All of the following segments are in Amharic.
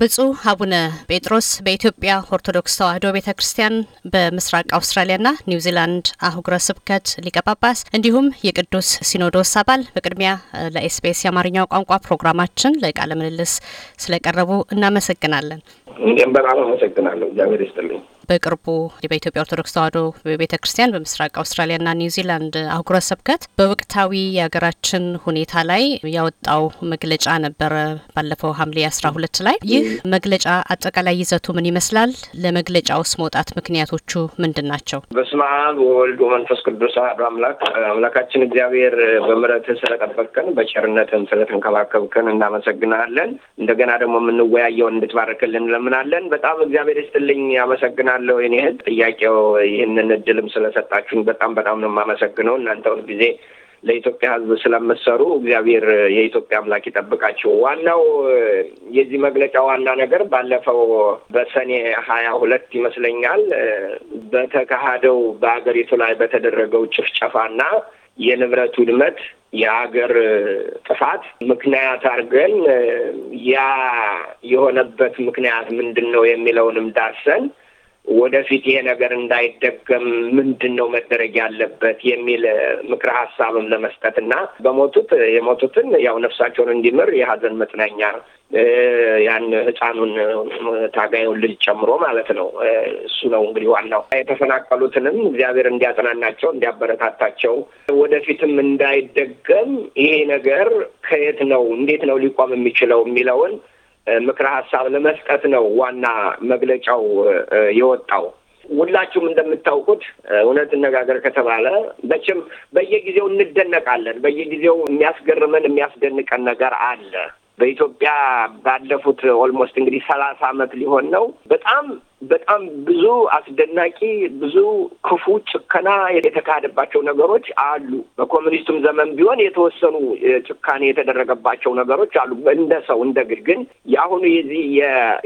ብፁዕ አቡነ ጴጥሮስ በኢትዮጵያ ኦርቶዶክስ ተዋሕዶ ቤተ ክርስቲያን በምስራቅ አውስትራሊያና ኒውዚላንድ አህጉረ ስብከት ሊቃ ጳጳስ እንዲሁም የቅዱስ ሲኖዶስ አባል፣ በቅድሚያ ለኤስቢኤስ የአማርኛው ቋንቋ ፕሮግራማችን ለቃለ ምልልስ ስለቀረቡ እናመሰግናለን። እኔም በጣም አመሰግናለሁ። እግዚአብሔር ይስጥልኝ። በቅርቡ በኢትዮጵያ ኦርቶዶክስ ተዋሕዶ ቤተ ክርስቲያን በምስራቅ አውስትራሊያና ኒውዚላንድ አህጉረ ስብከት በወቅታዊ የሀገራችን ሁኔታ ላይ ያወጣው መግለጫ ነበረ ባለፈው ሐምሌ አስራ ሁለት ላይ። ይህ መግለጫ አጠቃላይ ይዘቱ ምን ይመስላል? ለመግለጫውስ መውጣት ምክንያቶቹ ምንድን ናቸው? በስመ አብ ወወልድ ወመንፈስ ቅዱስ አሐዱ አምላክ። አምላካችን እግዚአብሔር በምሕረትህ ስለጠበቅከን በቸርነትህም ስለተንከባከብከን እናመሰግናለን። እንደገና ደግሞ የምንወያየውን እንድትባረክልን እንለምናለን። በጣም እግዚአብሔር ይስጥልኝ፣ ያመሰግናል አለው። እኔ ጥያቄው ይህንን እድልም ስለሰጣችሁኝ በጣም በጣም ነው የማመሰግነው። እናንተ ሁል ጊዜ ለኢትዮጵያ ሕዝብ ስለምትሰሩ እግዚአብሔር የኢትዮጵያ አምላክ ይጠብቃችሁ። ዋናው የዚህ መግለጫ ዋና ነገር ባለፈው በሰኔ ሀያ ሁለት ይመስለኛል በተካሄደው በሀገሪቱ ላይ በተደረገው ጭፍጨፋና የንብረት ውድመት የሀገር ጥፋት ምክንያት አድርገን ያ የሆነበት ምክንያት ምንድን ነው የሚለውንም ዳሰን ወደፊት ይሄ ነገር እንዳይደገም ምንድን ነው መደረግ ያለበት የሚል ምክረ ሀሳብም ለመስጠት እና በሞቱት የሞቱትን ያው ነፍሳቸውን እንዲምር የሀዘን መጽናኛ ያን ህፃኑን ታጋዩን ልጅ ጨምሮ ማለት ነው። እሱ ነው እንግዲህ ዋናው። የተፈናቀሉትንም እግዚአብሔር እንዲያጽናናቸው፣ እንዲያበረታታቸው ወደፊትም እንዳይደገም ይሄ ነገር ከየት ነው እንዴት ነው ሊቆም የሚችለው የሚለውን ምክረ ሀሳብ ለመስጠት ነው ዋና መግለጫው የወጣው። ሁላችሁም እንደምታውቁት እውነት እነጋገር ከተባለ መቼም በየጊዜው እንደነቃለን። በየጊዜው የሚያስገርመን የሚያስደንቀን ነገር አለ። በኢትዮጵያ ባለፉት ኦልሞስት እንግዲህ ሰላሳ አመት ሊሆን ነው በጣም በጣም ብዙ አስደናቂ ብዙ ክፉ ጭከና የተካሄደባቸው ነገሮች አሉ። በኮሚኒስቱም ዘመን ቢሆን የተወሰኑ ጭካኔ የተደረገባቸው ነገሮች አሉ። እንደ ሰው እንደ ግድ ግን የአሁኑ የዚህ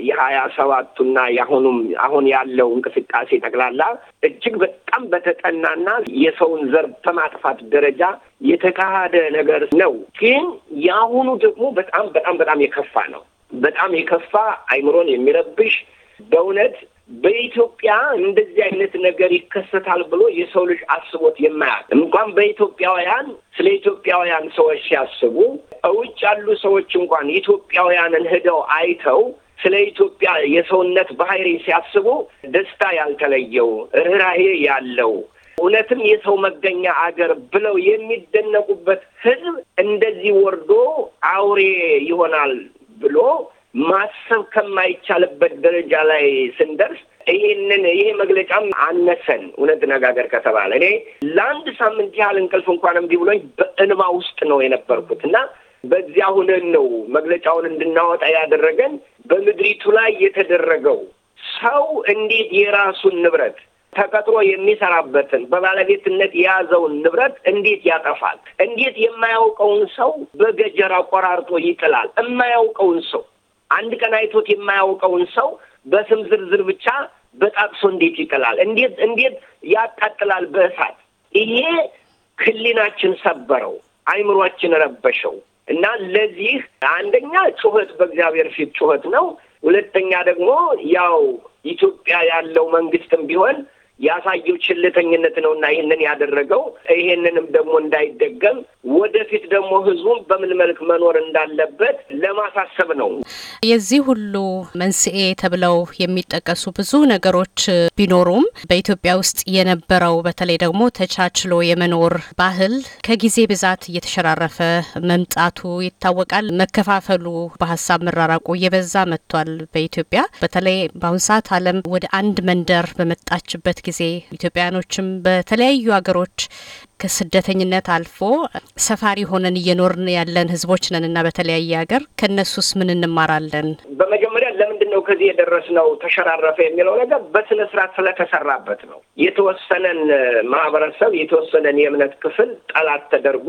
የሀያ ሰባቱና የአሁኑም አሁን ያለው እንቅስቃሴ ጠቅላላ እጅግ በጣም በተጠናና የሰውን ዘር በማጥፋት ደረጃ የተካሄደ ነገር ነው። ግን የአሁኑ ደግሞ በጣም በጣም በጣም የከፋ ነው። በጣም የከፋ አይምሮን የሚረብሽ በእውነት በኢትዮጵያ እንደዚህ አይነት ነገር ይከሰታል ብሎ የሰው ልጅ አስቦት የማያውቅ እንኳን በኢትዮጵያውያን ስለ ኢትዮጵያውያን ሰዎች ሲያስቡ እውጭ ያሉ ሰዎች እንኳን ኢትዮጵያውያንን ሂደው አይተው ስለ ኢትዮጵያ የሰውነት ባህሪ ሲያስቡ ደስታ ያልተለየው ርኅራሄ ያለው እውነትም የሰው መገኛ አገር ብለው የሚደነቁበት ህዝብ እንደዚህ ወርዶ አውሬ ይሆናል ብሎ ማሰብ ከማይቻልበት ደረጃ ላይ ስንደርስ ይሄንን ይሄ መግለጫም አነሰን። እውነት ነጋገር ከተባለ እኔ ለአንድ ሳምንት ያህል እንቅልፍ እንኳን እምቢ ብሎኝ በእንባ ውስጥ ነው የነበርኩት እና በዚያ ሁነን ነው መግለጫውን እንድናወጣ ያደረገን። በምድሪቱ ላይ የተደረገው ሰው እንዴት የራሱን ንብረት ተቀጥሮ የሚሰራበትን በባለቤትነት የያዘውን ንብረት እንዴት ያጠፋል? እንዴት የማያውቀውን ሰው በገጀራ ቆራርጦ ይጥላል? የማያውቀውን ሰው አንድ ቀን አይቶት የማያውቀውን ሰው በስም ዝርዝር ብቻ በጣቅሶ እንዴት ይጥላል? እንዴት እንዴት ያቃጥላል በእሳት? ይሄ ክሊናችን ሰበረው፣ አይምሯችን ረበሸው እና ለዚህ አንደኛ ጩኸት በእግዚአብሔር ፊት ጩኸት ነው። ሁለተኛ ደግሞ ያው ኢትዮጵያ ያለው መንግስትም ቢሆን ያሳየው ችልተኝነት ነው እና ይህንን ያደረገው ይሄንንም ደግሞ እንዳይደገም ወደፊት ደግሞ ህዝቡን በምን መልክ መኖር እንዳለበት ለማሳሰብ ነው። የዚህ ሁሉ መንስኤ ተብለው የሚጠቀሱ ብዙ ነገሮች ቢኖሩም በኢትዮጵያ ውስጥ የነበረው በተለይ ደግሞ ተቻችሎ የመኖር ባህል ከጊዜ ብዛት እየተሸራረፈ መምጣቱ ይታወቃል። መከፋፈሉ፣ በሀሳብ መራራቁ እየበዛ መጥቷል። በኢትዮጵያ በተለይ በአሁኑ ሰዓት ዓለም ወደ አንድ መንደር በመጣችበት ጊዜ ኢትዮጵያውያኖችም በተለያዩ ሀገሮች ከስደተኝነት አልፎ ሰፋሪ ሆነን እየኖርን ያለን ህዝቦች ነን እና በተለያየ ሀገር ከእነሱስ ምን እንማራለን? በመጀመሪያ ለምንድን ነው ከዚህ የደረስነው ተሸራረፈ የሚለው ነገር በስነ ስርዓት ስለተሰራበት ነው። የተወሰነን ማህበረሰብ የተወሰነን የእምነት ክፍል ጠላት ተደርጎ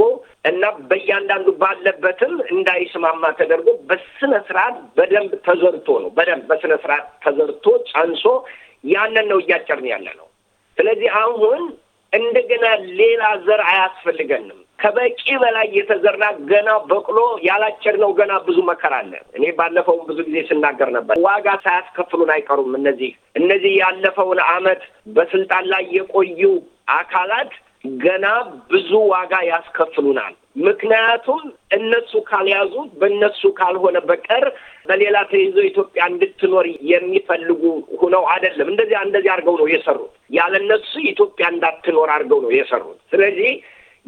እና በእያንዳንዱ ባለበትም እንዳይስማማ ተደርጎ በስነ ስርዓት በደንብ ተዘርቶ ነው በደንብ በስነ ስርዓት ተዘርቶ ጨንሶ ያንን ነው እያጨርን ያለ ነው። ስለዚህ አሁን እንደገና ሌላ ዘር አያስፈልገንም። ከበቂ በላይ የተዘራ ገና በቅሎ ነው ገና ብዙ መከራ አለ። እኔ ባለፈውን ብዙ ጊዜ ስናገር ነበር። ዋጋ ሳያስከፍሉን አይቀሩም። እነዚህ እነዚህ ያለፈውን አመት በስልጣን ላይ የቆዩ አካላት ገና ብዙ ዋጋ ያስከፍሉናል። ምክንያቱም እነሱ ካልያዙ በእነሱ ካልሆነ በቀር በሌላ ተይዞ ኢትዮጵያ እንድትኖር የሚፈልጉ ሁነው አይደለም። እንደዚያ እንደዚህ አድርገው ነው የሰሩት። ያለነሱ ኢትዮጵያ እንዳትኖር አድርገው ነው የሰሩት። ስለዚህ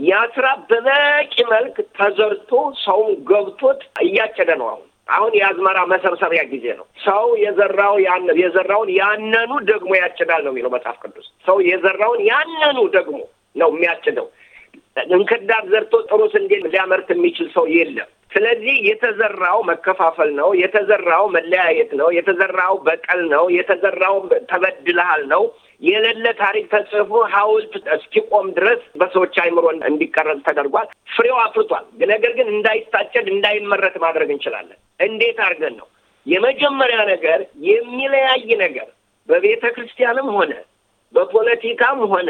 ያ ስራ በበቂ መልክ ተዘርቶ ሰውም ገብቶት እያጨደ ነው። አሁን አሁን የአዝመራ መሰብሰቢያ ጊዜ ነው። ሰው የዘራው የዘራውን ያነኑ ደግሞ ያጭዳል ነው የሚለው መጽሐፍ ቅዱስ። ሰው የዘራውን ያነኑ ደግሞ ነው የሚያጭደው። እንክርዳድ ዘርቶ ጥሩ ስንዴ ሊያመርት የሚችል ሰው የለም። ስለዚህ የተዘራው መከፋፈል ነው፣ የተዘራው መለያየት ነው፣ የተዘራው በቀል ነው፣ የተዘራው ተበድልሃል ነው። የሌለ ታሪክ ተጽፎ ሐውልት እስኪቆም ድረስ በሰዎች አይምሮ እንዲቀረጽ ተደርጓል። ፍሬው አፍርቷል። ነገር ግን እንዳይታጨድ እንዳይመረት ማድረግ እንችላለን። እንዴት አድርገን ነው? የመጀመሪያ ነገር የሚለያይ ነገር በቤተ ክርስቲያንም ሆነ በፖለቲካም ሆነ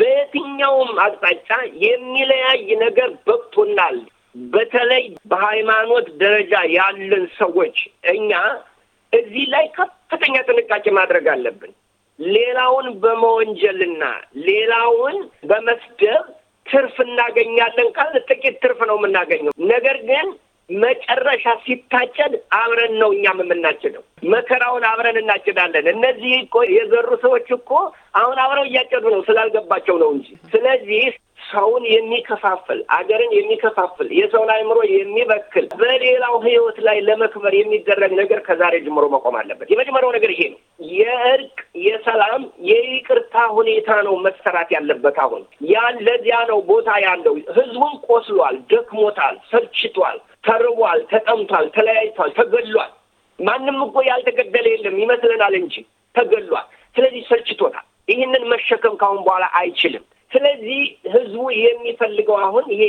በየትኛውም አቅጣጫ የሚለያይ ነገር በቅቶናል። በተለይ በሃይማኖት ደረጃ ያለን ሰዎች እኛ እዚህ ላይ ከፍተኛ ጥንቃቄ ማድረግ አለብን። ሌላውን በመወንጀልና ሌላውን በመስደብ ትርፍ እናገኛለን ካል ጥቂት ትርፍ ነው የምናገኘው። ነገር ግን መጨረሻ ሲታጨድ አብረን ነው እኛም የምናጭደው። መከራውን አብረን እናጭዳለን። እነዚህ እኮ የዘሩ ሰዎች እኮ አሁን አብረው እያጨዱ ነው፣ ስላልገባቸው ነው እንጂ። ስለዚህ ሰውን የሚከፋፍል አገርን የሚከፋፍል የሰውን አእምሮ የሚበክል በሌላው ህይወት ላይ ለመክበር የሚደረግ ነገር ከዛሬ ጀምሮ መቆም አለበት። የመጀመሪያው ነገር ይሄ ነው። የእርቅ የሰላም የይቅርታ ሁኔታ ነው መሰራት ያለበት። አሁን ያን ለዚያ ነው ቦታ ያለው። ህዝቡን ቆስሏል፣ ደክሞታል፣ ሰልችቷል፣ ተርቧል፣ ተጠምቷል፣ ተለያይቷል፣ ተገሏል። ማንም እኮ ያልተገደለ የለም ይመስለናል እንጂ ተገሏል። ስለዚህ ሰልችቶታል። ይህንን መሸከም ካሁን በኋላ አይችልም። ስለዚህ ህዝቡ የሚፈልገው አሁን ይሄ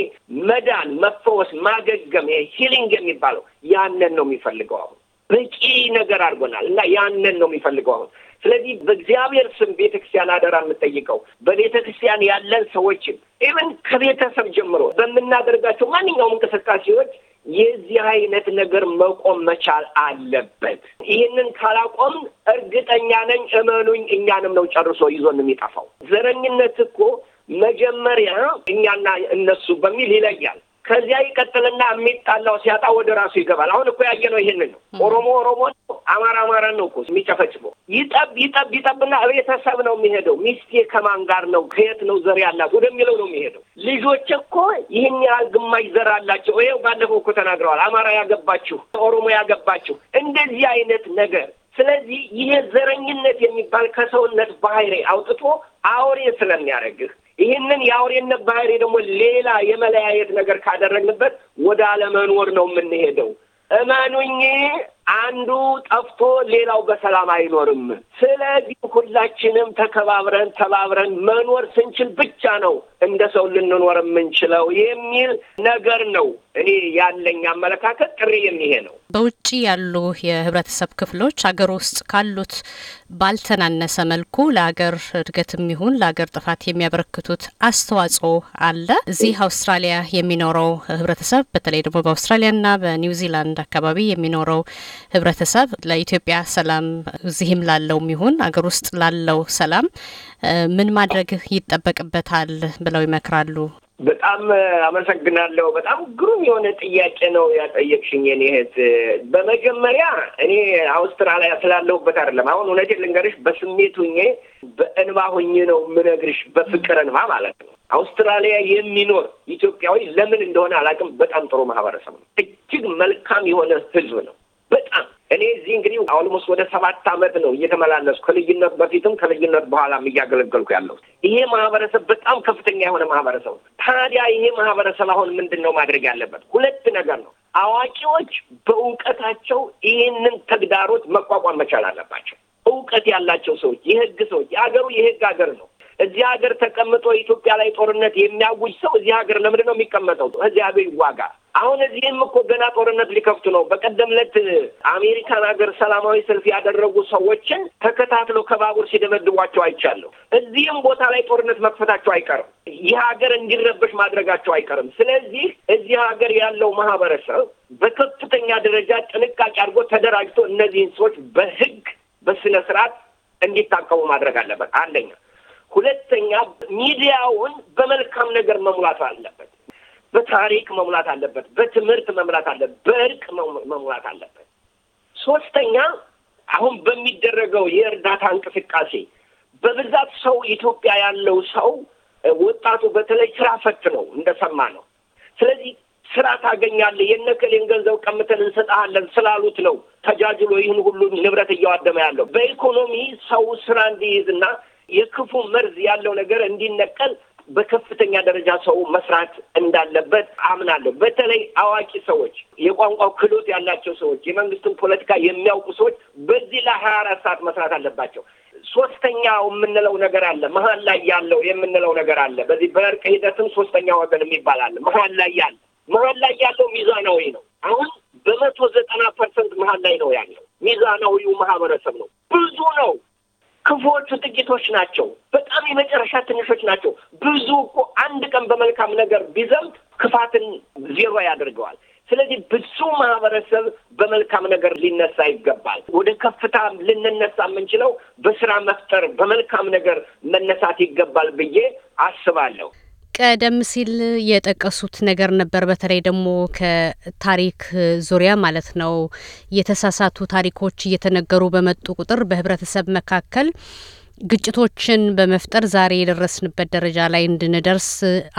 መዳን፣ መፈወስ፣ ማገገም ይሄ ሂሊንግ የሚባለው ያንን ነው የሚፈልገው አሁን በቂ ነገር አድርጎናል እና ያንን ነው የሚፈልገው አሁን። ስለዚህ በእግዚአብሔር ስም ቤተክርስቲያን አደራ የምጠይቀው በቤተክርስቲያን ያለን ሰዎችም ኢቨን ከቤተሰብ ጀምሮ በምናደርጋቸው ማንኛውም እንቅስቃሴዎች የዚህ አይነት ነገር መቆም መቻል አለበት። ይህንን ካላቆም እርግጠኛ ነኝ እመኑኝ፣ እኛንም ነው ጨርሶ ይዞን የሚጠፋው። ዘረኝነት እኮ መጀመሪያ እኛና እነሱ በሚል ይለያል። ከዚያ ይቀጥልና የሚጣላው ሲያጣ ወደ ራሱ ይገባል። አሁን እኮ ያየነው ይሄንን ነው። ኦሮሞ ኦሮሞ ነው፣ አማራ አማራ ነው እኮ የሚጨፈጭበው። ይጠብ ይጠብ ይጠብና ቤተሰብ ነው የሚሄደው። ሚስቴ ከማን ጋር ነው፣ ከየት ነው ዘር ያላት ወደሚለው ነው የሚሄደው። ልጆች እኮ ይህን ያህል ግማሽ ዘር አላቸው። ይኸው ባለፈው እኮ ተናግረዋል። አማራ ያገባችሁ፣ ኦሮሞ ያገባችሁ፣ እንደዚህ አይነት ነገር ስለዚህ ይሄ ዘረኝነት የሚባል ከሰውነት ባህሪ አውጥቶ አውሬ ስለሚያደርግህ ይህንን የአውሬነት ባህሪ ደግሞ ሌላ የመለያየት ነገር ካደረግንበት ወደ አለመኖር ነው የምንሄደው። እመኑኝ፣ አንዱ ጠፍቶ ሌላው በሰላም አይኖርም። ስለዚህ ሁላችንም ተከባብረን ተባብረን መኖር ስንችል ብቻ ነው እንደ ሰው ልንኖር የምንችለው የሚል ነገር ነው። እኔ ያለኝ አመለካከት ጥሪ የሚሄ ነው። በውጭ ያሉ የህብረተሰብ ክፍሎች ሀገር ውስጥ ካሉት ባልተናነሰ መልኩ ለሀገር እድገትም ይሁን ለሀገር ጥፋት የሚያበረክቱት አስተዋጽኦ አለ። እዚህ አውስትራሊያ የሚኖረው ህብረተሰብ በተለይ ደግሞ በአውስትራሊያና በኒውዚላንድ አካባቢ የሚኖረው ህብረተሰብ ለኢትዮጵያ ሰላም እዚህም ላለውም ይሁን ሀገር ውስጥ ላለው ሰላም ምን ማድረግ ይጠበቅበታል ብለው ይመክራሉ? በጣም አመሰግናለሁ። በጣም ግሩም የሆነ ጥያቄ ነው ያጠየቅሽኝ የኔ እህት። በመጀመሪያ እኔ አውስትራሊያ ስላለሁበት አይደለም። አሁን እውነቴን ልንገርሽ፣ በስሜት ሁኜ በእንባ ሁኜ ነው የምነግርሽ፣ በፍቅር እንባ ማለት ነው። አውስትራሊያ የሚኖር ኢትዮጵያዊ ለምን እንደሆነ አላውቅም፣ በጣም ጥሩ ማህበረሰብ ነው። እጅግ መልካም የሆነ ህዝብ ነው። በጣም እኔ እዚህ እንግዲህ አልሞስት ወደ ሰባት ዓመት ነው እየተመላለስኩ ከልዩነት በፊትም ከልዩነት በኋላም እያገለገልኩ ያለው። ይሄ ማህበረሰብ በጣም ከፍተኛ የሆነ ማህበረሰብ ነው። ታዲያ ይሄ ማህበረሰብ አሁን ምንድን ነው ማድረግ ያለበት? ሁለት ነገር ነው። አዋቂዎች በእውቀታቸው ይህንን ተግዳሮት መቋቋም መቻል አለባቸው። እውቀት ያላቸው ሰዎች፣ የህግ ሰዎች፣ የአገሩ የህግ ሀገር ነው እዚህ ሀገር ተቀምጦ ኢትዮጵያ ላይ ጦርነት የሚያውጅ ሰው እዚህ ሀገር ለምንድን ነው የሚቀመጠው? ሀገር ይዋጋ። አሁን እዚህም እኮ ገና ጦርነት ሊከፍቱ ነው። በቀደም ዕለት አሜሪካን ሀገር ሰላማዊ ሰልፍ ያደረጉ ሰዎችን ተከታትሎ ከባቡር ሲደመድቧቸው አይቻለሁ። እዚህም ቦታ ላይ ጦርነት መክፈታቸው አይቀርም። ይህ ሀገር እንዲረበሽ ማድረጋቸው አይቀርም። ስለዚህ እዚህ ሀገር ያለው ማህበረሰብ በከፍተኛ ደረጃ ጥንቃቄ አድርጎ ተደራጅቶ እነዚህን ሰዎች በህግ በስነ ስርዓት እንዲታቀቡ ማድረግ አለበት አንደኛ ሁለተኛ ሚዲያውን በመልካም ነገር መሙላት አለበት። በታሪክ መሙላት አለበት። በትምህርት መሙላት አለበት። በእርቅ መሙላት አለበት። ሶስተኛ አሁን በሚደረገው የእርዳታ እንቅስቃሴ በብዛት ሰው ኢትዮጵያ ያለው ሰው ወጣቱ በተለይ ስራ ፈት ነው እንደሰማ ነው። ስለዚህ ስራ ታገኛለህ የነከሌን ገንዘብ ቀምተን እንሰጥሃለን ስላሉት ነው ተጃጅሎ ይህን ሁሉ ንብረት እያዋደመ ያለው። በኢኮኖሚ ሰው ስራ እንዲይዝና የክፉ መርዝ ያለው ነገር እንዲነቀል በከፍተኛ ደረጃ ሰው መስራት እንዳለበት አምናለሁ። በተለይ አዋቂ ሰዎች፣ የቋንቋው ክህሎት ያላቸው ሰዎች፣ የመንግስትን ፖለቲካ የሚያውቁ ሰዎች በዚህ ለሀያ አራት ሰዓት መስራት አለባቸው። ሶስተኛ የምንለው ነገር አለ። መሀል ላይ ያለው የምንለው ነገር አለ። በዚህ በእርቅ ሂደትም ሶስተኛ ወገን የሚባል አለ። መሀል ላይ ያለ መሀል ላይ ያለው ሚዛናዊ ነው። አሁን በመቶ ዘጠና ፐርሰንት መሀል ላይ ነው ያለው። ሚዛናዊው ማህበረሰብ ነው ብዙ ነው ክፉዎቹ ጥቂቶች ናቸው። በጣም የመጨረሻ ትንሾች ናቸው። ብዙ እኮ አንድ ቀን በመልካም ነገር ቢዘምት ክፋትን ዜሮ ያደርገዋል። ስለዚህ ብዙ ማህበረሰብ በመልካም ነገር ሊነሳ ይገባል። ወደ ከፍታ ልንነሳ የምንችለው በስራ መፍጠር፣ በመልካም ነገር መነሳት ይገባል ብዬ አስባለሁ። ቀደም ሲል የጠቀሱት ነገር ነበር። በተለይ ደግሞ ከታሪክ ዙሪያ ማለት ነው የተሳሳቱ ታሪኮች እየተነገሩ በመጡ ቁጥር በህብረተሰብ መካከል ግጭቶችን በመፍጠር ዛሬ የደረስንበት ደረጃ ላይ እንድንደርስ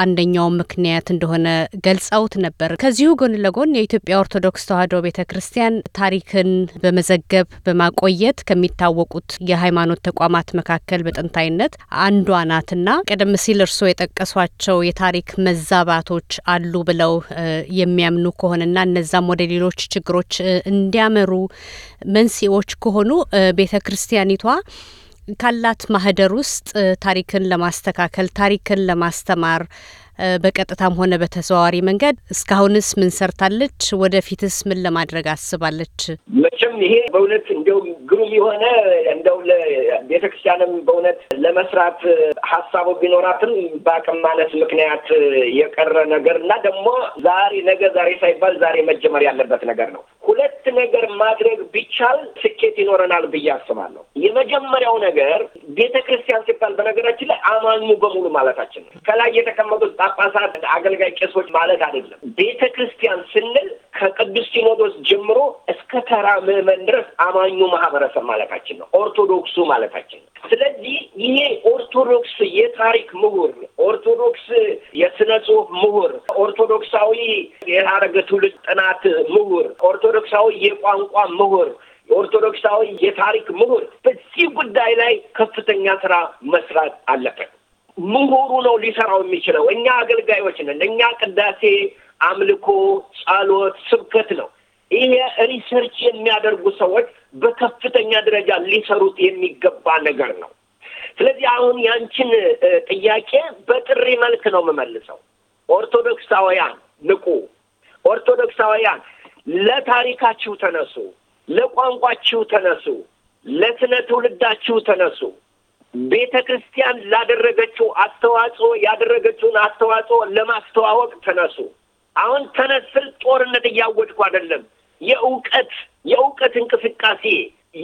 አንደኛው ምክንያት እንደሆነ ገልጸውት ነበር። ከዚሁ ጎን ለጎን የኢትዮጵያ ኦርቶዶክስ ተዋሕዶ ቤተ ክርስቲያን ታሪክን በመዘገብ በማቆየት ከሚታወቁት የሃይማኖት ተቋማት መካከል በጥንታይነት አንዷ ናትና ቀደም ሲል እርስዎ የጠቀሷቸው የታሪክ መዛባቶች አሉ ብለው የሚያምኑ ከሆነና እነዛም ወደ ሌሎች ችግሮች እንዲያመሩ መንስኤዎች ከሆኑ ቤተ ክርስቲያኒቷ ካላት ማህደር ውስጥ ታሪክን ለማስተካከል ታሪክን ለማስተማር በቀጥታም ሆነ በተዘዋዋሪ መንገድ እስካሁንስ ምን ሰርታለች? ወደፊትስ ምን ለማድረግ አስባለች? መቼም ይሄ በእውነት እንደው ግሩም የሆነ እንደው ለቤተ ክርስቲያንም በእውነት ለመስራት ሀሳቡ ቢኖራትም በአቅም ማነስ ምክንያት የቀረ ነገር እና ደግሞ ዛሬ ነገ ዛሬ ሳይባል ዛሬ መጀመር ያለበት ነገር ነው። ሁለት ነገር ማድረግ ቢቻል ስኬት ይኖረናል ብዬ አስባለሁ። የመጀመሪያው ነገር ቤተ ክርስቲያን ሲባል በነገራችን ላይ አማኙ በሙሉ ማለታችን ነው። ከላይ የተቀመጡት ጳጳሳት፣ አገልጋይ ቄሶች ማለት አይደለም። ቤተ ክርስቲያን ስንል ከቅዱስ ሲኖዶስ ጀምሮ እስከ ተራ ምዕመን ድረስ አማኙ ማህበረሰብ ማለታችን ነው። ኦርቶዶክሱ ማለታችን ነው። ስለዚህ ይሄ ኦርቶዶክስ የታሪክ ምሁር፣ ኦርቶዶክስ የስነ ጽሁፍ ምሁር፣ ኦርቶዶክሳዊ የሐረገ ትውልድ ጥናት ምሁር፣ ኦርቶዶክሳዊ የቋንቋ ምሁር የኦርቶዶክሳዊ የታሪክ ምሁር በዚህ ጉዳይ ላይ ከፍተኛ ስራ መስራት አለበት። ምሁሩ ነው ሊሰራው የሚችለው። እኛ አገልጋዮች ነን። እኛ ቅዳሴ፣ አምልኮ፣ ጸሎት፣ ስብከት ነው። ይሄ ሪሰርች የሚያደርጉ ሰዎች በከፍተኛ ደረጃ ሊሰሩት የሚገባ ነገር ነው። ስለዚህ አሁን ያንቺን ጥያቄ በጥሪ መልክ ነው የምመልሰው። ኦርቶዶክሳውያን ንቁ! ኦርቶዶክሳውያን ለታሪካችሁ ተነሱ፣ ለቋንቋችሁ ተነሱ፣ ለስነ ትውልዳችሁ ተነሱ። ቤተ ክርስቲያን ላደረገችው አስተዋጽኦ ያደረገችውን አስተዋጽኦ ለማስተዋወቅ ተነሱ። አሁን ተነስል ጦርነት እያወድኩ አይደለም። የእውቀት የእውቀት እንቅስቃሴ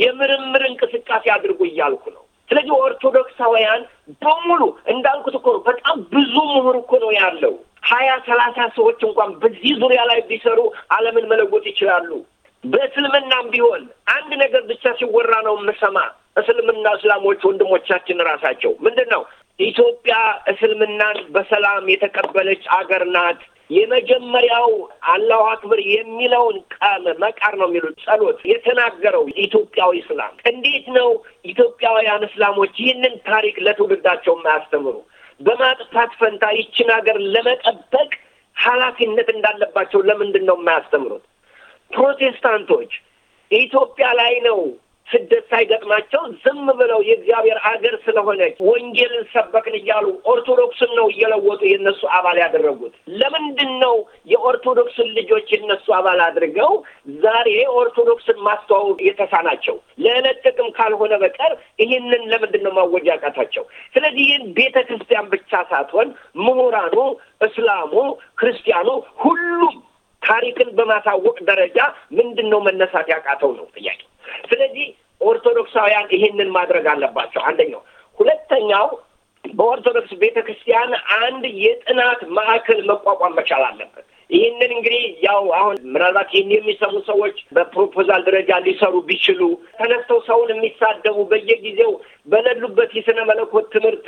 የምርምር እንቅስቃሴ አድርጉ እያልኩ ነው። ስለዚህ ኦርቶዶክሳውያን በሙሉ እንዳልኩት እኮ በጣም ብዙ ምሁር እኮ ነው ያለው። ሀያ ሰላሳ ሰዎች እንኳን በዚህ ዙሪያ ላይ ቢሰሩ ዓለምን መለወጥ ይችላሉ። በእስልምናም ቢሆን አንድ ነገር ብቻ ሲወራ ነው የምሰማ። እስልምና እስላሞች ወንድሞቻችን ራሳቸው ምንድን ነው ኢትዮጵያ እስልምናን በሰላም የተቀበለች አገር ናት። የመጀመሪያው አላሁ አክበር የሚለውን ቃል መቃር ነው የሚሉት ጸሎት የተናገረው ኢትዮጵያዊ እስላም። እንዴት ነው ኢትዮጵያውያን እስላሞች ይህንን ታሪክ ለትውልዳቸው የማያስተምሩ? በማጥፋት ፈንታ ይችን ሀገር ለመጠበቅ ኃላፊነት እንዳለባቸው ለምንድን ነው የማያስተምሩት? ፕሮቴስታንቶች ኢትዮጵያ ላይ ነው ስደት ሳይገጥማቸው ዝም ብለው የእግዚአብሔር አገር ስለሆነች ወንጌልን ሰበክን እያሉ ኦርቶዶክስን ነው እየለወጡ የእነሱ አባል ያደረጉት። ለምንድን ነው የኦርቶዶክስን ልጆች የእነሱ አባል አድርገው ዛሬ ኦርቶዶክስን ማስተዋወቅ የተሳናቸው? ለዕለት ጥቅም ካልሆነ በቀር ይህንን ለምንድን ነው ማወጅ ያቃታቸው? ስለዚህ ይህን ቤተ ክርስቲያን ብቻ ሳትሆን ምሁራኑ፣ እስላሙ፣ ክርስቲያኑ ሁሉም ታሪክን በማሳወቅ ደረጃ ምንድን ነው መነሳት ያቃተው ነው ጥያቄ። ስለዚህ ኦርቶዶክሳውያን ይሄንን ማድረግ አለባቸው። አንደኛው። ሁለተኛው በኦርቶዶክስ ቤተ ክርስቲያን አንድ የጥናት ማዕከል መቋቋም መቻል አለበት። ይህንን እንግዲህ ያው አሁን ምናልባት ይህን የሚሰሙ ሰዎች በፕሮፖዛል ደረጃ ሊሰሩ ቢችሉ ተነስተው ሰውን የሚሳደቡ በየጊዜው በሌሉበት የስነ መለኮት ትምህርት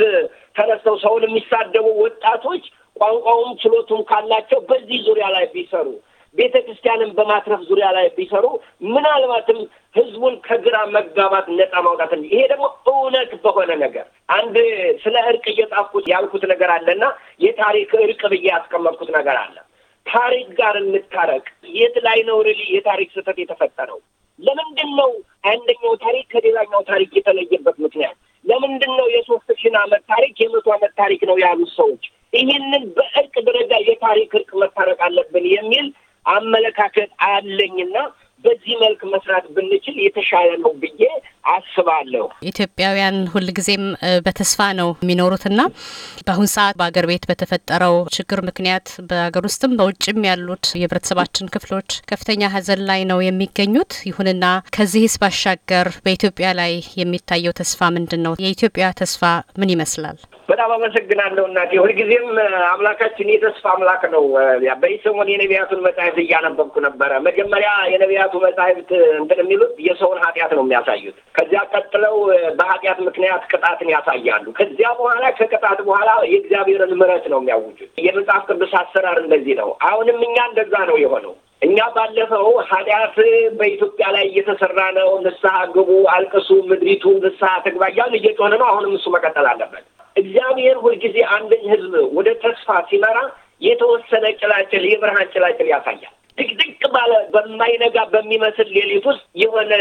ተነስተው ሰውን የሚሳደቡ ወጣቶች ቋንቋውም ችሎቱም ካላቸው በዚህ ዙሪያ ላይ ቢሰሩ ቤተ ክርስቲያንን በማትረፍ ዙሪያ ላይ ቢሰሩ ምናልባትም ህዝቡን ከግራ መጋባት ነጻ ማውጣት ይሄ ደግሞ እውነት በሆነ ነገር አንድ ስለ እርቅ እየጻፍኩት ያልኩት ነገር አለና የታሪክ እርቅ ብዬ ያስቀመጥኩት ነገር አለ። ታሪክ ጋር እንታረቅ። የት ላይ ነው ሪሊ የታሪክ ስህተት የተፈጠረው? ለምንድን ነው አንደኛው ታሪክ ከሌላኛው ታሪክ የተለየበት ምክንያት ለምንድን ነው? የሶስት ሺህ ዓመት ታሪክ የመቶ ዓመት ታሪክ ነው ያሉት ሰዎች ይህንን በእርቅ ደረጃ የታሪክ እርቅ መታረቅ አለብን የሚል አመለካከት አለኝና በዚህ መልክ መስራት ብንችል የተሻለ ነው ብዬ አስባለሁ። ኢትዮጵያውያን ሁልጊዜም በተስፋ ነው የሚኖሩትና በአሁን ሰዓት በሀገር ቤት በተፈጠረው ችግር ምክንያት በሀገር ውስጥም በውጭም ያሉት የህብረተሰባችን ክፍሎች ከፍተኛ ሀዘን ላይ ነው የሚገኙት። ይሁንና ከዚህስ ባሻገር በኢትዮጵያ ላይ የሚታየው ተስፋ ምንድን ነው? የኢትዮጵያ ተስፋ ምን ይመስላል? በጣም አመሰግናለሁ እናቴ። ሁልጊዜም አምላካችን የተስፋ አምላክ ነው። በኢሰሞን የነቢያቱን መጽሐፍት እያነበብኩ ነበረ። መጀመሪያ የነቢያቱ መጽሐፍት እንትን የሚሉት የሰውን ኃጢአት ነው የሚያሳዩት። ከዚያ ቀጥለው በኃጢአት ምክንያት ቅጣትን ያሳያሉ። ከዚያ በኋላ ከቅጣት በኋላ የእግዚአብሔርን ምሕረት ነው የሚያውጁት። የመጽሐፍ ቅዱስ አሰራር እንደዚህ ነው። አሁንም እኛ እንደዛ ነው የሆነው። እኛ ባለፈው ኃጢአት በኢትዮጵያ ላይ እየተሰራ ነው፣ ንስሐ ግቡ፣ አልቅሱ፣ ምድሪቱ ንስሐ ትግባ እያልን እየጮህን ነው። አሁንም እሱ መቀጠል አለበት። እግዚአብሔር ሁልጊዜ አንድን ህዝብ ወደ ተስፋ ሲመራ የተወሰነ ጭላጭል የብርሃን ጭላጭል ያሳያል። ድቅድቅ ባለ በማይነጋ በሚመስል ሌሊት ውስጥ የሆነ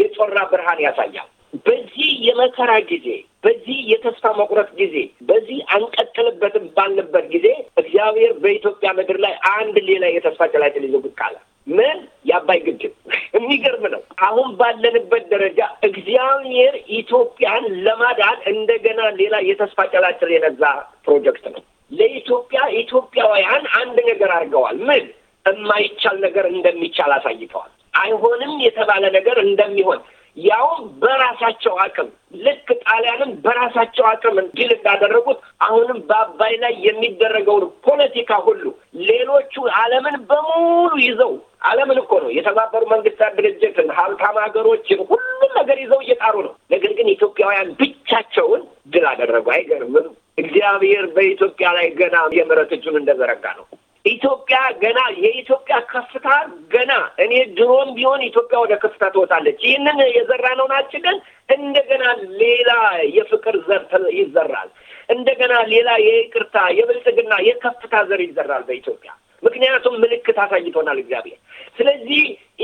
የጮራ ብርሃን ያሳያል። በዚህ የመከራ ጊዜ፣ በዚህ የተስፋ መቁረጥ ጊዜ፣ በዚህ አንቀጥልበትም ባልንበት ጊዜ እግዚአብሔር በኢትዮጵያ ምድር ላይ አንድ ሌላ የተስፋ ጭላጭል ይዞ ብቅ አለ። ምን የአባይ ግድብ የሚገርም ነው። አሁን ባለንበት ደረጃ እግዚአብሔር ኢትዮጵያን ለማዳን እንደገና ሌላ የተስፋ ጨላጭር የነዛ ፕሮጀክት ነው። ለኢትዮጵያ ኢትዮጵያውያን አንድ ነገር አድርገዋል። ምን የማይቻል ነገር እንደሚቻል አሳይተዋል። አይሆንም የተባለ ነገር እንደሚሆን ያውም በራሳቸው አቅም ልክ ጣሊያንም በራሳቸው አቅም ድል እንዳደረጉት አሁንም በአባይ ላይ የሚደረገውን ፖለቲካ ሁሉ ሌሎቹ ዓለምን በሙሉ ይዘው ዓለምን እኮ ነው የተባበሩ መንግስታት ድርጅትን፣ ሀብታም ሀገሮችን፣ ሁሉም ነገር ይዘው እየጣሩ ነው። ነገር ግን ኢትዮጵያውያን ብቻቸውን ድል አደረጉ። አይገርምም? እግዚአብሔር በኢትዮጵያ ላይ ገና የምሕረት እጁን እንደዘረጋ ነው። ኢትዮጵያ ገና የኢትዮጵያ ከፍታ ገና እኔ ድሮም ቢሆን ኢትዮጵያ ወደ ከፍታ ትወጣለች። ይህንን የዘራነውን ግን እንደገና ሌላ የፍቅር ዘር ይዘራል። እንደገና ሌላ የይቅርታ፣ የብልጽግና፣ የከፍታ ዘር ይዘራል በኢትዮጵያ ምክንያቱም ምልክት አሳይቶናል እግዚአብሔር። ስለዚህ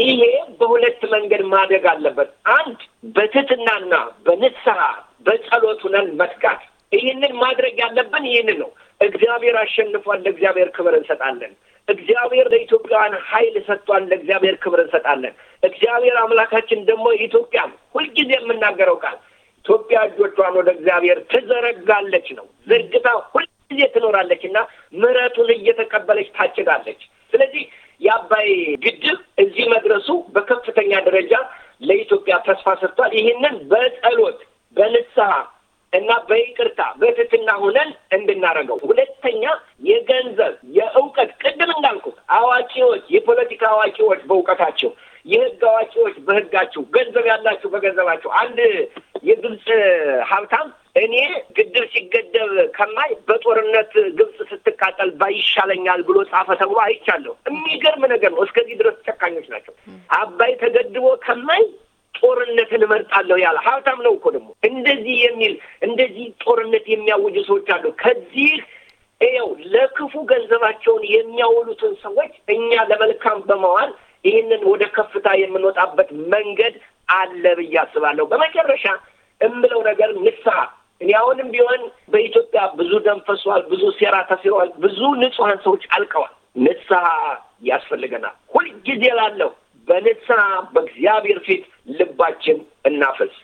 ይሄ በሁለት መንገድ ማደግ አለበት። አንድ በትህትናና በንስሐ በጸሎት ሁነን መትጋት ይህንን ማድረግ ያለብን ይህንን ነው። እግዚአብሔር አሸንፏል፣ ለእግዚአብሔር ክብር እንሰጣለን። እግዚአብሔር ለኢትዮጵያውያን ኃይል ሰጥቷል፣ ለእግዚአብሔር ክብር እንሰጣለን። እግዚአብሔር አምላካችን ደግሞ ኢትዮጵያ ሁልጊዜ የምናገረው ቃል ኢትዮጵያ እጆቿን ወደ እግዚአብሔር ትዘረጋለች ነው። ዘርግታ ሁልጊዜ ትኖራለች እና ምሕረቱን እየተቀበለች ታጭዳለች። ስለዚህ የአባይ ግድብ እዚህ መድረሱ በከፍተኛ ደረጃ ለኢትዮጵያ ተስፋ ሰጥቷል። ይህንን በጸሎት በንስሐ እና በይቅርታ በትትና ሆነን እንድናደርገው። ሁለተኛ የገንዘብ የእውቀት ቅድም እንዳልኩት አዋቂዎች፣ የፖለቲካ አዋቂዎች በእውቀታቸው፣ የህግ አዋቂዎች በህጋቸው፣ ገንዘብ ያላቸው በገንዘባቸው። አንድ የግብፅ ሀብታም እኔ ግድብ ሲገደብ ከማይ በጦርነት ግብፅ ስትቃጠል ባይሻለኛል ብሎ ጻፈ ተብሎ አይቻለሁ። የሚገርም ነገር ነው። እስከዚህ ድረስ ጨካኞች ናቸው። አባይ ተገድቦ ከማይ ጦርነትን እመርጣለሁ ያለ ሀብታም ነው እኮ ደግሞ እንደዚህ የሚል እንደዚህ ጦርነት የሚያውጁ ሰዎች አሉ። ከዚህ ይኸው ለክፉ ገንዘባቸውን የሚያውሉትን ሰዎች እኛ ለመልካም በመዋል ይህንን ወደ ከፍታ የምንወጣበት መንገድ አለ ብዬ አስባለሁ። በመጨረሻ እምለው ነገር ንስሐ እኔ አሁንም ቢሆን በኢትዮጵያ ብዙ ደም ፈሷል፣ ብዙ ሴራ ተሲሯል፣ ብዙ ንጹሐን ሰዎች አልቀዋል። ንስሐ ያስፈልገናል ሁልጊዜ ላለሁ በንስሐ በእግዚአብሔር ፊት ልባችን እናፈስ።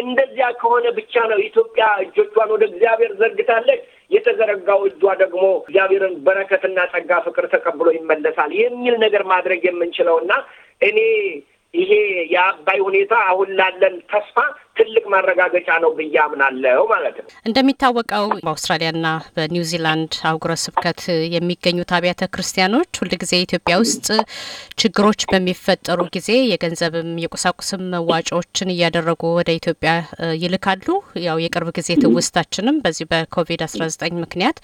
እንደዚያ ከሆነ ብቻ ነው ኢትዮጵያ እጆቿን ወደ እግዚአብሔር ዘርግታለች። የተዘረጋው እጇ ደግሞ እግዚአብሔርን በረከትና ጸጋ፣ ፍቅር ተቀብሎ ይመለሳል የሚል ነገር ማድረግ የምንችለው እና እኔ ይሄ የአባይ ሁኔታ አሁን ላለን ተስፋ ትልቅ ማረጋገጫ ነው ብዬ አምናለሁ ማለት ነው። እንደሚታወቀው በአውስትራሊያና በኒውዚላንድ አህጉረ ስብከት የሚገኙት አብያተ ክርስቲያኖች ሁልጊዜ ኢትዮጵያ ውስጥ ችግሮች በሚፈጠሩ ጊዜ የገንዘብም የቁሳቁስም መዋጮዎችን እያደረጉ ወደ ኢትዮጵያ ይልካሉ። ያው የቅርብ ጊዜ ትውስታችንም በዚህ በኮቪድ አስራ ዘጠኝ ምክንያት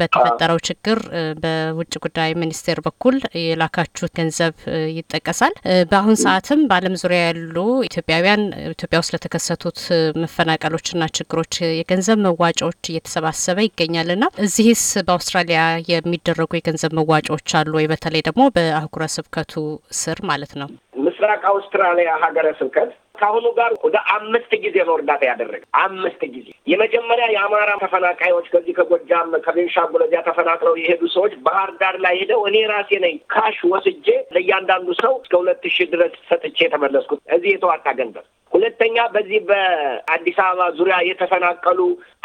በተፈጠረው ችግር በውጭ ጉዳይ ሚኒስቴር በኩል የላካችሁት ገንዘብ ይጠቀሳል። በአሁን ሰዓትም በዓለም ዙሪያ ያሉ ኢትዮጵያውያን ኢትዮጵያ ውስጥ የተከሰቱት መፈናቀሎችና ችግሮች የገንዘብ መዋጮዎች እየተሰባሰበ ይገኛልና እዚህስ በአውስትራሊያ የሚደረጉ የገንዘብ መዋጮዎች አሉ ወይ? በተለይ ደግሞ በአህጉረ ስብከቱ ስር ማለት ነው። ምስራቅ አውስትራሊያ ሀገረ ስብከት ከአሁኑ ጋር ወደ አምስት ጊዜ ነው እርዳታ ያደረገ አምስት ጊዜ። የመጀመሪያ የአማራ ተፈናቃዮች ከዚህ ከጎጃም ከቤንሻንጉል ወዲያ ተፈናቅለው የሄዱ ሰዎች ባህር ዳር ላይ ሄደው እኔ ራሴ ነኝ ካሽ ወስጄ ለእያንዳንዱ ሰው እስከ ሁለት ሺህ ድረስ ሰጥቼ የተመለስኩት እዚህ የተዋጣ ገንዘብ። ሁለተኛ በዚህ በአዲስ አበባ ዙሪያ የተፈናቀሉ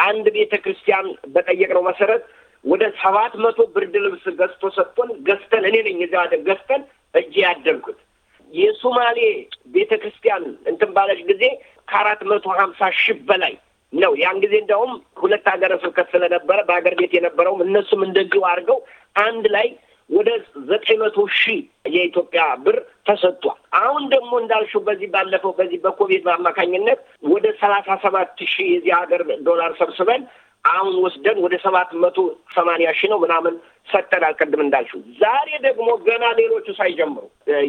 አንድ ቤተ ክርስቲያን በጠየቅነው መሰረት ወደ ሰባት መቶ ብርድ ልብስ ገዝቶ ሰጥቶን ገዝተን እኔ ነኝ እዚያ ገዝተን እጅ ያደርኩት የሶማሌ ቤተ ክርስቲያን እንትን ባለች ጊዜ ከአራት መቶ ሀምሳ ሺህ በላይ ነው። ያን ጊዜ እንደውም ሁለት ሀገረ ስብከት ስለነበረ በሀገር ቤት የነበረውም እነሱም እንደዚሁ አድርገው አንድ ላይ ወደ ዘጠኝ መቶ ሺህ የኢትዮጵያ ብር ተሰጥቷል። አሁን ደግሞ እንዳልሽው በዚህ ባለፈው በዚህ በኮቪድ አማካኝነት ወደ ሰላሳ ሰባት ሺህ የዚህ ሀገር ዶላር ሰብስበን አሁን ወስደን ወደ ሰባት መቶ ሰማንያ ሺህ ነው ምናምን ሰጥተናል። ቅድም እንዳልሽው ዛሬ ደግሞ ገና ሌሎቹ ሳይጀምሩ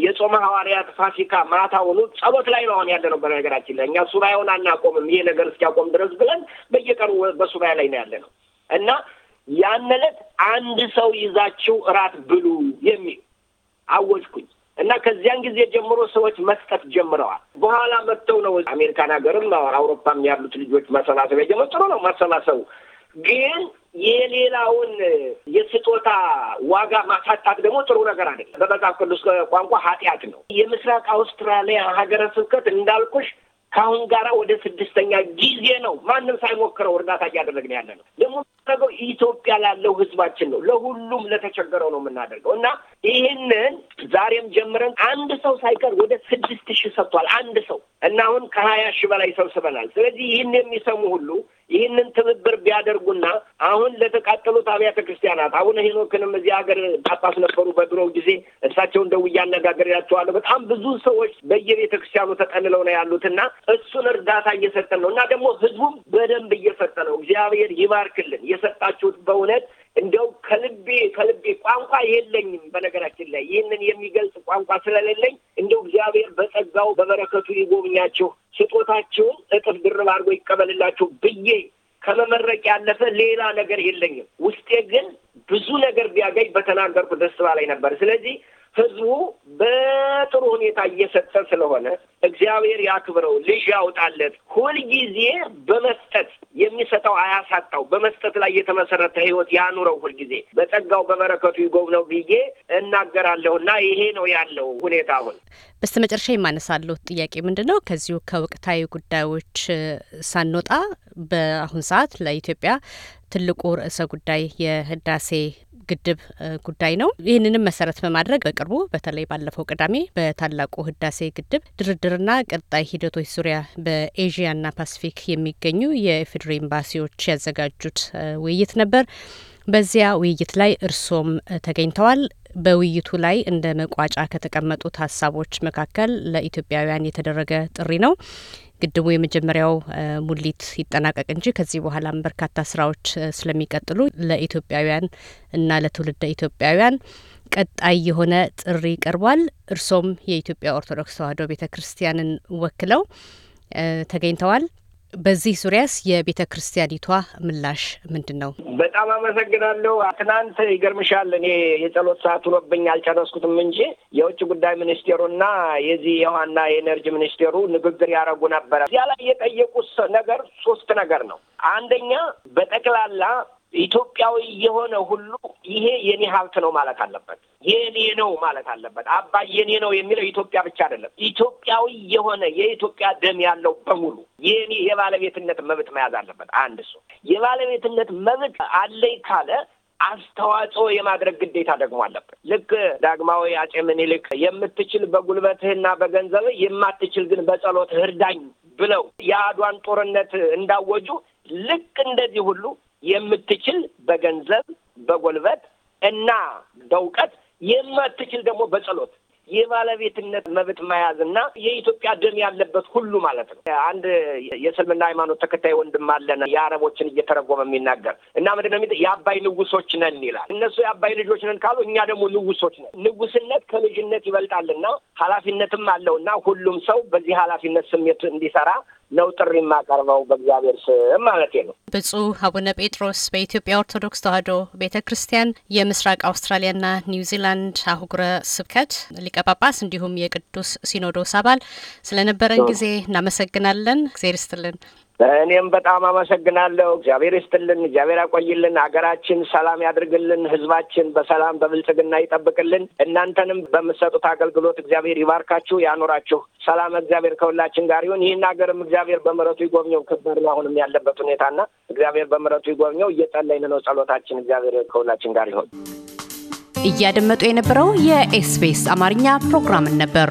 የጾመ ሐዋርያት ፋሲካ ማታውኑ ጸሎት ላይ ነው አሁን ያለነው። በነገራችን ላይ እኛ ሱባኤውን አናቆምም ይሄ ነገር እስኪያቆም ድረስ ብለን በየቀኑ በሱባኤ ላይ ነው ያለነው እና ያን ዕለት አንድ ሰው ይዛችሁ እራት ብሉ የሚል አወጅኩኝ። እና ከዚያን ጊዜ ጀምሮ ሰዎች መስጠት ጀምረዋል። በኋላ መጥተው ነው አሜሪካን ሀገርም አውሮፓም ያሉት ልጆች ማሰባሰብ የጀመሩ። ጥሩ ነው ማሰባሰቡ ግን የሌላውን የስጦታ ዋጋ ማሳጣት ደግሞ ጥሩ ነገር አይደለም። በመጽሐፍ ቅዱስ ቋንቋ ኃጢአት ነው። የምስራቅ አውስትራሊያ ሀገረ ስብከት እንዳልኩሽ ከአሁን ጋር ወደ ስድስተኛ ጊዜ ነው ማንም ሳይሞክረው እርዳታ እያደረግን ያለ ነው። ደግሞ የምናደርገው ኢትዮጵያ ላለው ህዝባችን ነው። ለሁሉም ለተቸገረው ነው የምናደርገው እና ይህንን ዛሬም ጀምረን አንድ ሰው ሳይቀር ወደ ስድስት ሺህ ሰጥቷል አንድ ሰው እና አሁን ከሀያ ሺህ በላይ ሰብስበናል። ስለዚህ ይህን የሚሰሙ ሁሉ ይህንን ትብብር ቢያደርጉና አሁን ለተቃጠሉት አብያተ ክርስቲያናት አቡነ ሄኖክንም እዚህ ሀገር ጳጳስ ነበሩ በድሮው ጊዜ እሳቸውን ደውዬ አነጋግሬያቸዋለሁ። በጣም ብዙ ሰዎች በየቤተ ክርስቲያኑ ተጠልለው ነው ያሉት እና እሱን እርዳታ እየሰጠን ነው እና ደግሞ ህዝቡም በደንብ እየሰጠ ነው። እግዚአብሔር ይባርክልን። የሰጣችሁት በእውነት እንደው ከልቤ ከልቤ ቋንቋ የለኝም። በነገራችን ላይ ይህንን የሚገልጽ ቋንቋ ስለሌለኝ እንደው እግዚአብሔር በጸጋው በበረከቱ ይጎብኛችሁ፣ ስጦታችሁን እጥፍ ድርብ አድርጎ ይቀበልላችሁ ብዬ ከመመረቅ ያለፈ ሌላ ነገር የለኝም። ውስጤ ግን ብዙ ነገር ቢያገኝ በተናገርኩ ደስ ባላይ ነበር። ስለዚህ ህዝቡ በጥሩ ሁኔታ እየሰጠ ስለሆነ እግዚአብሔር ያክብረው፣ ልጅ ያውጣለት። ሁልጊዜ በመስጠት የሚሰጠው አያሳጣው፣ በመስጠት ላይ የተመሰረተ ህይወት ያኑረው፣ ሁልጊዜ በጸጋው በበረከቱ ይጎብነው ብዬ እናገራለሁ እና ይሄ ነው ያለው ሁኔታ። አሁን በስተ መጨረሻ የማነሳለሁ ጥያቄ ምንድን ነው ከዚሁ ከወቅታዊ ጉዳዮች ሳንወጣ በአሁን ሰዓት ለኢትዮጵያ ትልቁ ርዕሰ ጉዳይ የህዳሴ ግድብ ጉዳይ ነው። ይህንንም መሰረት በማድረግ በቅርቡ በተለይ ባለፈው ቅዳሜ በታላቁ ህዳሴ ግድብ ድርድርና ቀጣይ ሂደቶች ዙሪያ በኤዥያና ፓሲፊክ የሚገኙ የኢፌዴሪ ኤምባሲዎች ያዘጋጁት ውይይት ነበር። በዚያ ውይይት ላይ እርሶም ተገኝተዋል። በውይይቱ ላይ እንደ መቋጫ ከተቀመጡት ሀሳቦች መካከል ለኢትዮጵያውያን የተደረገ ጥሪ ነው። ግድቡ የመጀመሪያው ሙሊት ይጠናቀቅ እንጂ ከዚህ በኋላም በርካታ ስራዎች ስለሚቀጥሉ ለኢትዮጵያውያን እና ለትውልደ ኢትዮጵያውያን ቀጣይ የሆነ ጥሪ ቀርቧል። እርሶም የኢትዮጵያ ኦርቶዶክስ ተዋሕዶ ቤተ ክርስቲያንን ወክለው ተገኝተዋል። በዚህ ዙሪያስ የቤተ ክርስቲያኒቷ ምላሽ ምንድን ነው? በጣም አመሰግናለሁ። ትናንት ይገርምሻል፣ እኔ የጸሎት ሰዓት ሆኖብኝ አልጨረስኩትም እንጂ የውጭ ጉዳይ ሚኒስቴሩና የዚህ የውሃና የኤነርጂ ሚኒስቴሩ ንግግር ያደረጉ ነበረ። እዚያ ላይ የጠየቁት ነገር ሶስት ነገር ነው። አንደኛ በጠቅላላ ኢትዮጵያዊ የሆነ ሁሉ ይሄ የኔ ሀብት ነው ማለት አለበት። የኔ ነው ማለት አለበት። አባይ የኔ ነው የሚለው ኢትዮጵያ ብቻ አይደለም። ኢትዮጵያዊ የሆነ የኢትዮጵያ ደም ያለው በሙሉ የኔ የባለቤትነት መብት መያዝ አለበት። አንድ ሰው የባለቤትነት መብት አለኝ ካለ አስተዋጽኦ የማድረግ ግዴታ ደግሞ አለበት። ልክ ዳግማዊ አጼ ምኒልክ የምትችል በጉልበትህና በገንዘብ የማትችል ግን በጸሎት እርዳኝ ብለው የአድዋን ጦርነት እንዳወጁ ልክ እንደዚህ ሁሉ የምትችል በገንዘብ በጎልበት እና በእውቀት የማትችል ደግሞ በጸሎት የባለቤትነት መብት መያዝ እና የኢትዮጵያ ደም ያለበት ሁሉ ማለት ነው። አንድ የእስልምና ሃይማኖት ተከታይ ወንድም አለን የአረቦችን እየተረጎመ የሚናገር እና ምንድን ነው የአባይ ንጉሶች ነን ይላል። እነሱ የአባይ ልጆች ነን ካሉ እኛ ደግሞ ንጉሶች ነን። ንጉስነት ከልጅነት ይበልጣልና ኃላፊነትም እና ሁሉም ሰው በዚህ ኃላፊነት ስሜት እንዲሰራ ነው ጥሪ የማቀርበው በእግዚአብሔር ስም ማለት ነው። ብፁዕ አቡነ ጴጥሮስ በኢትዮጵያ ኦርቶዶክስ ተዋሕዶ ቤተ ክርስቲያን የምስራቅ አውስትራሊያና ኒውዚላንድ አህጉረ ስብከት ሊቀ ጳጳስ እንዲሁም የቅዱስ ሲኖዶስ አባል ስለነበረን ጊዜ እናመሰግናለን። እግዜር ይስጥልን። እኔም በጣም አመሰግናለሁ። እግዚአብሔር ይስጥልን፣ እግዚአብሔር ያቆይልን፣ ሀገራችን ሰላም ያድርግልን፣ ህዝባችን በሰላም በብልጽግና ይጠብቅልን። እናንተንም በምትሰጡት አገልግሎት እግዚአብሔር ይባርካችሁ፣ ያኖራችሁ። ሰላም እግዚአብሔር ከሁላችን ጋር ይሁን። ይህን ሀገርም እግዚአብሔር በምረቱ ይጎብኘው። ከባድ ነው አሁንም ያለበት ሁኔታና እግዚአብሔር በምረቱ ይጎብኘው። እየጸለይን ነው። ጸሎታችን እግዚአብሔር ከሁላችን ጋር ይሁን። እያደመጡ የነበረው የኤስቢኤስ አማርኛ ፕሮግራምን ነበር።